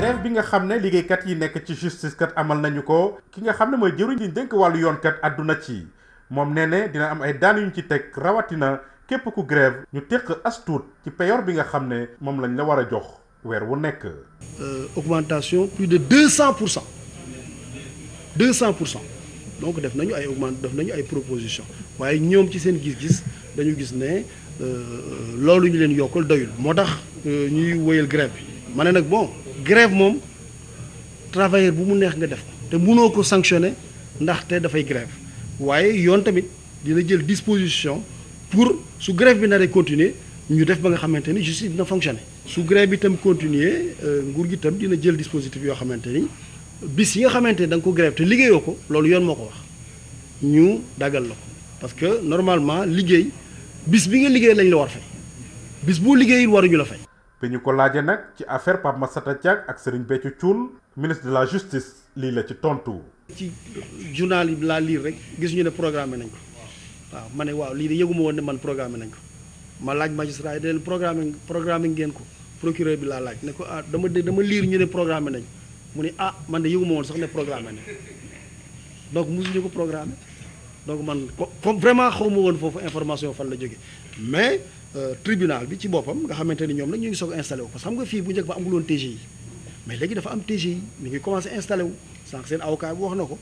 grève bi nga xam ne kat yi nek ci justice kat amal nañu ko ki nga xam moy mooy jëruñ liñ dénk yoon kat aduna ci mom nee ne dina am ay daan yuñ ci tek rawatina képp ku grève ñu tek astuut ci payor bi nga xam mom lañ la wara jox wër wu nek euh, augmentation plus de 200% 200% donc def nañu ay augment def nañu ay proposition waye ñoom ci seen gis-gis dañu gis né euh, lolu ñu leen yokkal doyul motax tax euh, ñuy wëyal grève mané nak bon grève mom travailleur bu mu neex nga def te mënoo ko sanctionner ndaxte dafay grève waye yon tamit dina jël disposition pour su grève bi naree continuer ñu def ba nga xamante justice dina fonctionner. su grève bi tam continuer euh, nguur gi tam dina jël dispositif yo xamante bis yi nga xamante dang ko grève te liggéeyoo ko loolu yoon moo wax ñu dagal la parce que normalement liggéey bis bi nga liggéey lañ la war fay bis boo liggéeyul waruñu la fay. bi ñu ko laajee nag ci affaire ma Massata Diack ak Serigne Béthio Thioune ministre de la justice lii la ci tontu. ci journal yi laa lire rek gis ñu ne programme nañ ko waaw ma ne waaw lii de yëguma woon ne man programme nañ ko ma laaj magistrat yi de leen programmé programmé ngeen ko procureur bi laa laaj ne ko ah dama dama liir ñu ne programmé nañ mu ne ah man de yëguma woon sax ne programme nañ donc mosuñu ko programme donc man comme vraiment xaw ma woon foofu information fan la jóge mais euh, tribunal bi ci boppam nga xamante ni ñoom nag ñu ngi soog installé wu parce que xam nga fii bu njëkk ba amuloon TGI mais léegi dafa am TGI ñu ngi commencé installé wu sànq seen avocat bi wax na ko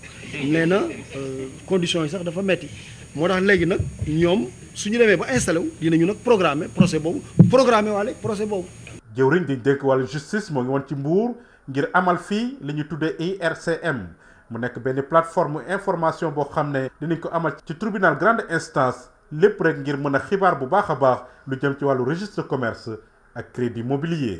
nee na euh, conditions yi sax dafa metti moo tax léegi nag ñoom suñu demee ba installé wu dinañu nag programme procès boobu programmer waale procès boobu. jëwriñ di dëkk wàllu justice moo ngi woon ci Mbour ngir amal fii li ñu tuddee IRCM. mu nekk benn plateforme information boo xam ne dinañ ko amal ci tribunal grande instance lépp rek ngir mën a xibaar bu baax a baax lu jëm ci wàllu registre commerce ak crédit mobilier